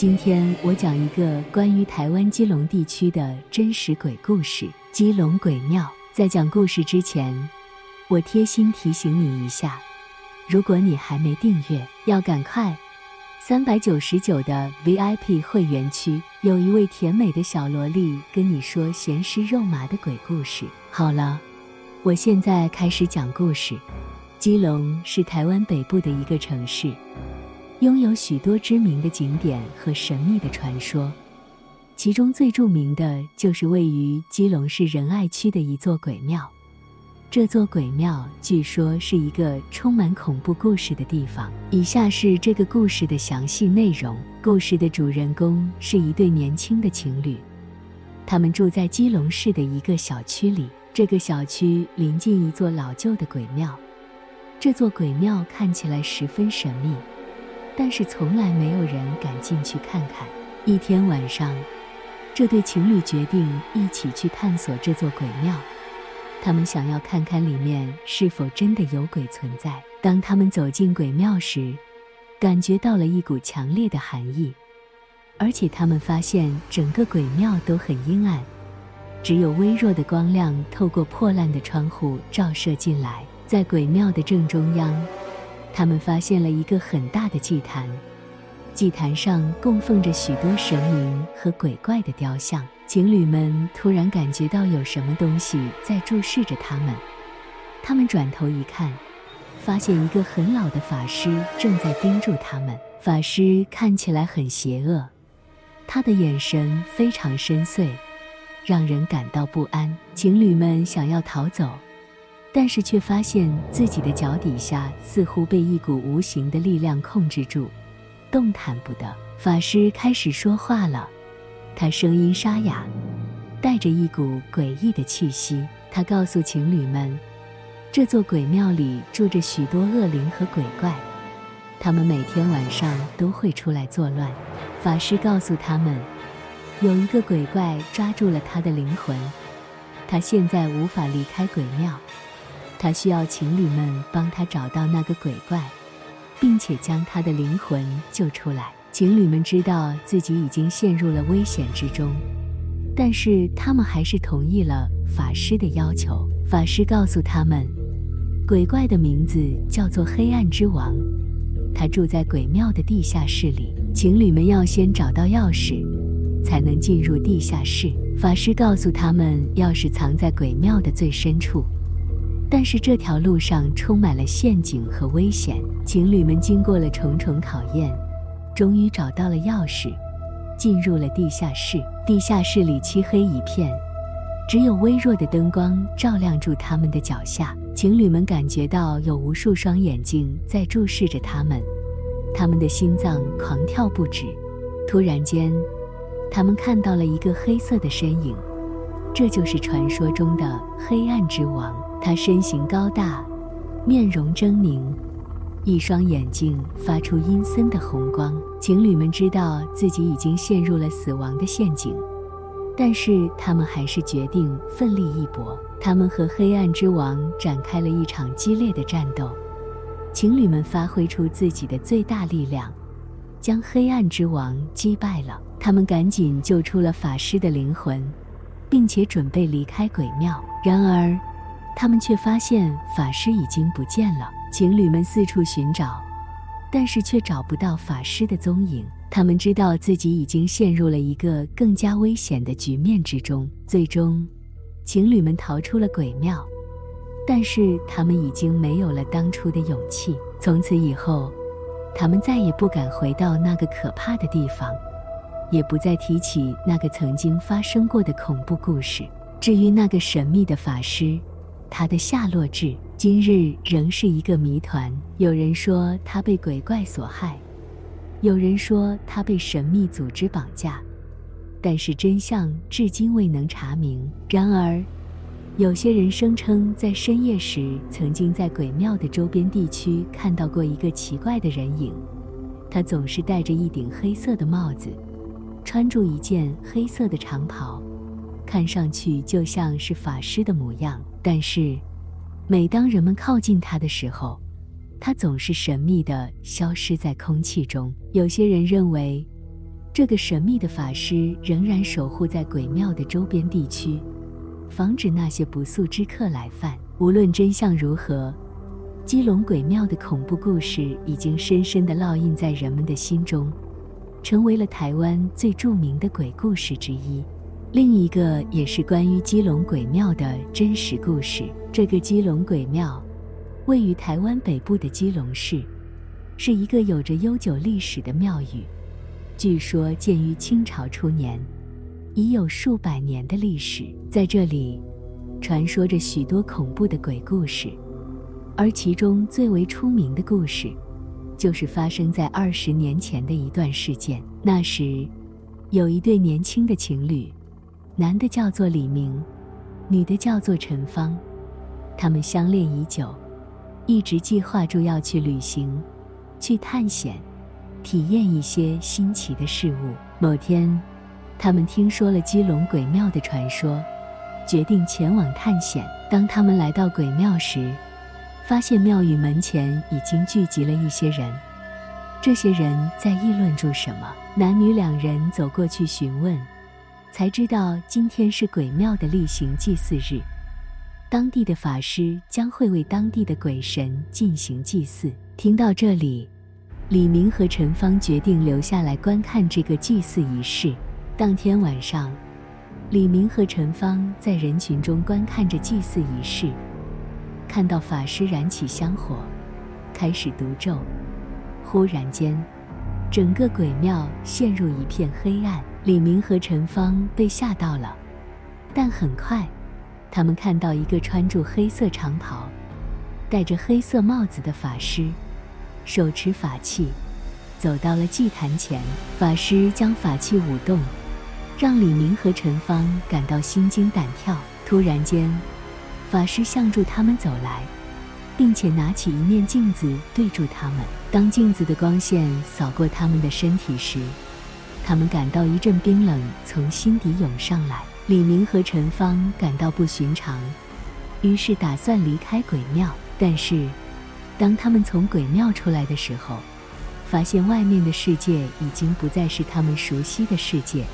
今天我講一個關於台灣基隆地區的真實鬼故事——基隆鬼廟。在講故事之前，我貼心提醒你一下：如果你還沒訂閱，要趕快！三百九十九的 VIP 會員區有一位甜美的小蘿莉跟你說鹹濕肉麻的鬼故事。好了，我現在開始講故事。基隆是台灣北部的一個城市。擁有許多知名的景點和神秘的傳說，其中最著名的就是位於基隆市仁愛區的一座鬼廟。這座鬼廟據說是一個充滿恐怖故事的地方。以下是這個故事的詳細內容：故事的主人公是一對年輕的情侶，他們住在基隆市的一個小區裡。這個小區臨近一座老舊的鬼廟，這座鬼廟看起來十分神秘。但是從來沒有人敢進去看看。一天晚上，這對情侶決定一起去探索這座鬼廟。他們想要看看裡面是否真的有鬼存在。當他們走進鬼廟時，感覺到了一股強烈的寒意，而且他們發現整個鬼廟都很陰暗，只有微弱的光亮透過破爛的窗戶照射進來。在鬼廟的正中央，他們發現了一個很大的祭壇，祭壇上供奉着許多神明和鬼怪的雕像。情侶們突然感覺到有什麼東西在注視着他們，他們轉頭一看，發現一個很老的法師正在盯住他們。法師看起來很邪惡，他的眼神非常深邃，讓人感到不安。情侶們想要逃走。但是卻發現自己的腳底下似乎被一股無形的力量控制住，動彈不得。法師開始說話了，他聲音沙啞，帶着一股詭異的氣息。他告訴情侶們，這座鬼廟裡住着許多惡靈和鬼怪，他們每天晚上都會出來作亂。法師告訴他們，有一個鬼怪抓住了他的靈魂，他現在無法離開鬼廟。他需要情侶們幫他找到那個鬼怪，並且將他的靈魂救出來。情侶們知道自己已經陷入了危險之中，但是他們還是同意了法師的要求。法師告訴他們，鬼怪的名字叫做黑暗之王，他住在鬼廟的地下室裡。情侶們要先找到鑰匙，才能進入地下室。法師告訴他們，鑰匙藏在鬼廟的最深處。但是這條路上充滿了陷阱和危險，情侶們經過了重重考驗，終於找到了鑰匙，進入了地下室。地下室裡漆黑一片，只有微弱的燈光照亮住他們的腳下。情侶們感覺到有無數雙眼睛在注視着他們，他們的心臟狂跳不止。突然間，他們看到了一個黑色的身影，這就是傳說中的黑暗之王。他身形高大，面容猙獰，一雙眼睛發出陰森的紅光。情侶們知道自己已經陷入了死亡的陷阱，但是他們還是決定奮力一搏。他們和黑暗之王展開了一場激烈的戰鬥。情侶們發揮出自己的最大力量，將黑暗之王擊敗了。他們趕緊救出了法師的靈魂，並且準備離開鬼廟。然而，他們卻發現法師已經不見了。情侶們四處尋找，但是卻找不到法師的蹤影。他們知道自己已經陷入了一個更加危險的局面之中。最終，情侶們逃出了鬼廟，但是他們已經沒有了當初的勇氣。從此以後，他們再也不敢回到那個可怕的地方，也不再提起那個曾經發生過的恐怖故事。至於那個神秘的法師，他的下落至今日仍是一個謎團。有人說他被鬼怪所害，有人說他被神秘組織綁架，但是真相至今未能查明。然而，有些人聲稱在深夜時曾經在鬼廟的周邊地區看到過一個奇怪的人影，他總是戴着一頂黑色的帽子，穿着一件黑色的長袍。看上去就像是法師的模樣，但是每當人們靠近他的時候，他總是神秘地消失在空氣中。有些人認為，這個神秘的法師仍然守護在鬼廟的周邊地區，防止那些不速之客來犯。無論真相如何，基隆鬼廟的恐怖故事已經深深地烙印在人們的心中，成為了台灣最著名的鬼故事之一。另一個也是關於基隆鬼廟的真實故事。這個基隆鬼廟位於臺灣北部的基隆市，是一個有着悠久歷史的廟宇，據說建於清朝初年，已有數百年的歷史。在這裡，傳說着許多恐怖的鬼故事，而其中最為出名的故事，就是發生在二十年前的一段事件。那時，有一對年輕的情侶。男的叫做李明，女的叫做陳芳，他們相戀已久，一直計劃著要去旅行，去探險，體驗一些新奇的事物。某天，他們聽說了基隆鬼廟的傳說，決定前往探險。當他們來到鬼廟時，發現廟宇門前已經聚集了一些人，這些人在議論著什麼。男女兩人走過去詢問。才知道今天是鬼廟的例行祭祀日，當地的法師將會為當地的鬼神進行祭祀。聽到這裡，李明和陳芳決定留下來觀看這個祭祀儀式。當天晚上，李明和陳芳在人群中觀看着祭祀儀式，看到法師燃起香火，開始讀咒，忽然間，整個鬼廟陷入一片黑暗，李明和陳芳被嚇到了。但很快，他們看到一個穿着黑色長袍、戴着黑色帽子的法師，手持法器，走到了祭壇前。法師將法器舞動，讓李明和陳芳感到心驚膽跳。突然間，法師向著他們走來。並且拿起一面鏡子對住他們。當鏡子的光線掃過他們的身體時，他們感到一陣冰冷從心底湧上來。李明和陳芳感到不尋常，於是打算離開鬼廟。但是，當他們從鬼廟出來的時候，發現外面的世界已經不再是他們熟悉的世界，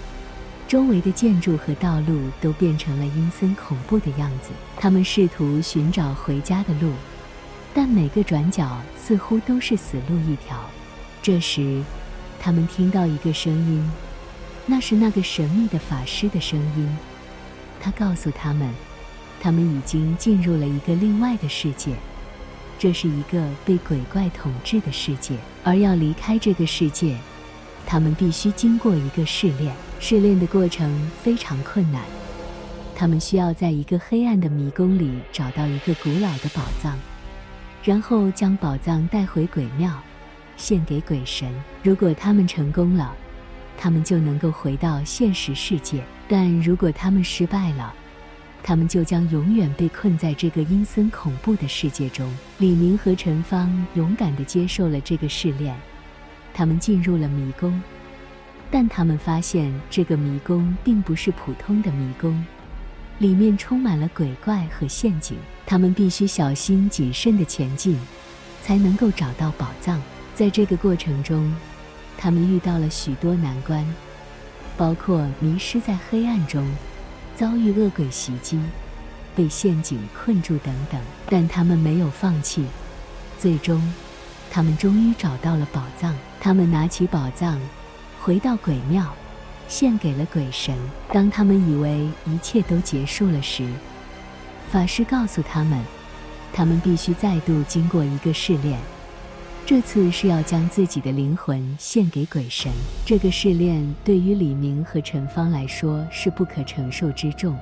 周圍的建築和道路都變成了陰森恐怖的樣子。他們試圖尋找回家的路。但每個轉角似乎都是死路一條。這時，他們聽到一個聲音，那是那個神秘的法師的聲音。他告訴他們，他們已經進入了一個另外的世界，這是一個被鬼怪統治的世界。而要離開這個世界，他們必須經過一個試煉。試煉的過程非常困難，他們需要在一個黑暗的迷宮裡找到一個古老的寶藏。然後將寶藏帶回鬼廟，獻給鬼神。如果他們成功了，他們就能夠回到現實世界；但如果他們失敗了，他們就將永遠被困在這個陰森恐怖的世界中。李明和陳芳勇敢地接受了這個試煉，他們進入了迷宮，但他們發現這個迷宮並不是普通的迷宮。裡面充滿了鬼怪和陷阱，他們必須小心謹慎地前進，才能夠找到寶藏。在這個過程中，他們遇到了許多難關，包括迷失在黑暗中、遭遇惡鬼襲擊、被陷阱困住等等。但他們沒有放棄，最終，他們終於找到了寶藏。他們拿起寶藏，回到鬼廟。獻給了鬼神。當他們以為一切都結束了時，法師告訴他們，他們必須再度經過一個試煉。這次是要將自己的靈魂獻給鬼神。這個試煉對於李明和陳芳來說是不可承受之重，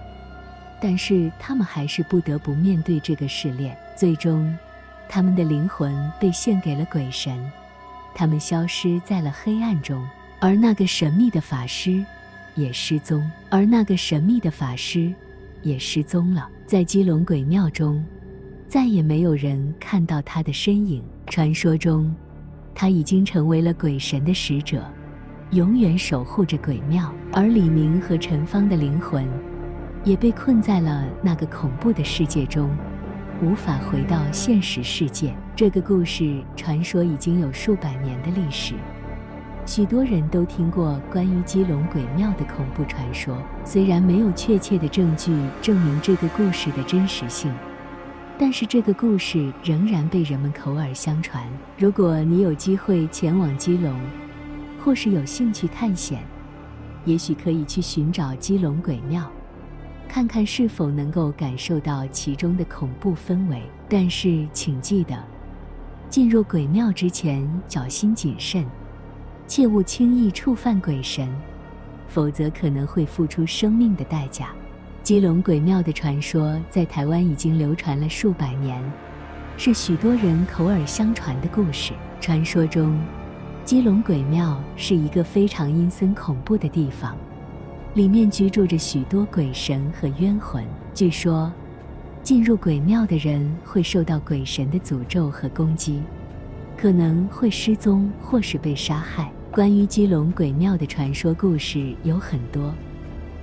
但是他們還是不得不面對這個試煉。最終，他們的靈魂被獻給了鬼神，他們消失在了黑暗中。而那個神秘的法師，也失蹤。而那個神秘的法師，也失蹤了。在基隆鬼廟中，再也沒有人看到他的身影。傳說中，他已經成為了鬼神的使者，永遠守護着鬼廟。而李明和陳芳的靈魂，也被困在了那個恐怖的世界中，無法回到現實世界。這個故事傳說已經有數百年的歷史。許多人都聽過關於基隆鬼廟的恐怖傳說，雖然沒有確切的證據證明這個故事的真實性，但是這個故事仍然被人們口耳相傳。如果你有機會前往基隆，或是有興趣探險，也許可以去尋找基隆鬼廟，看看是否能夠感受到其中的恐怖氛圍。但是，請記得進入鬼廟之前，小心謹慎。切勿輕易觸犯鬼神，否則可能會付出生命的代價。基隆鬼廟的傳說在台灣已經流傳了數百年，是許多人口耳相傳的故事。傳說中，基隆鬼廟是一個非常陰森恐怖的地方，裡面居住着許多鬼神和冤魂。據說，進入鬼廟的人會受到鬼神的詛咒和攻擊。可能會失蹤或是被殺害。關於基隆鬼廟的傳說故事有很多，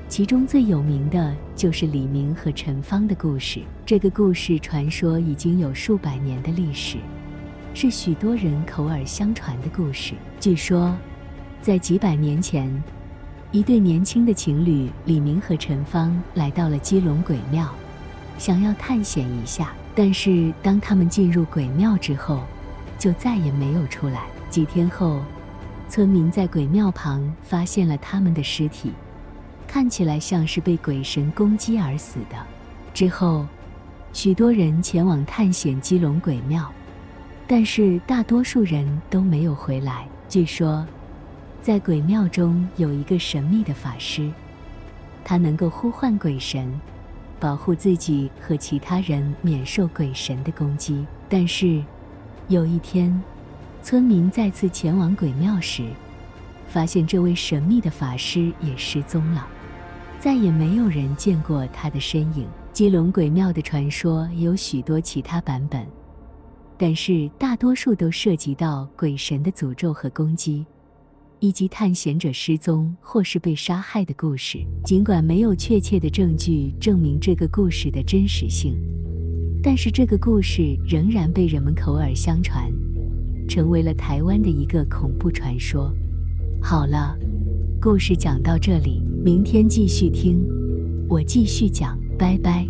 其中最有名的就是李明和陳芳的故事。這個故事傳說已經有數百年的歷史，是許多人口耳相傳的故事。據說，在幾百年前，一對年輕的情侶李明和陳芳來到了基隆鬼廟，想要探險一下。但是當他們進入鬼廟之後，就再也沒有出來。幾天後，村民在鬼廟旁發現了他們的屍體，看起來像是被鬼神攻擊而死的。之後，許多人前往探險基隆鬼廟，但是大多數人都沒有回來。據說，在鬼廟中有一個神秘的法師，他能夠呼喚鬼神，保護自己和其他人免受鬼神的攻擊，但是。有一天，村民再次前往鬼廟時，發現這位神秘的法師也失蹤了，再也沒有人見過他的身影。基隆鬼廟的傳說有許多其他版本，但是大多數都涉及到鬼神的詛咒和攻擊，以及探險者失蹤或是被殺害的故事。儘管沒有確切的證據證明這個故事的真實性。但是這個故事仍然被人們口耳相傳，成為了台灣的一個恐怖傳說。好了，故事講到這裡，明天繼續聽，我繼續講，拜拜。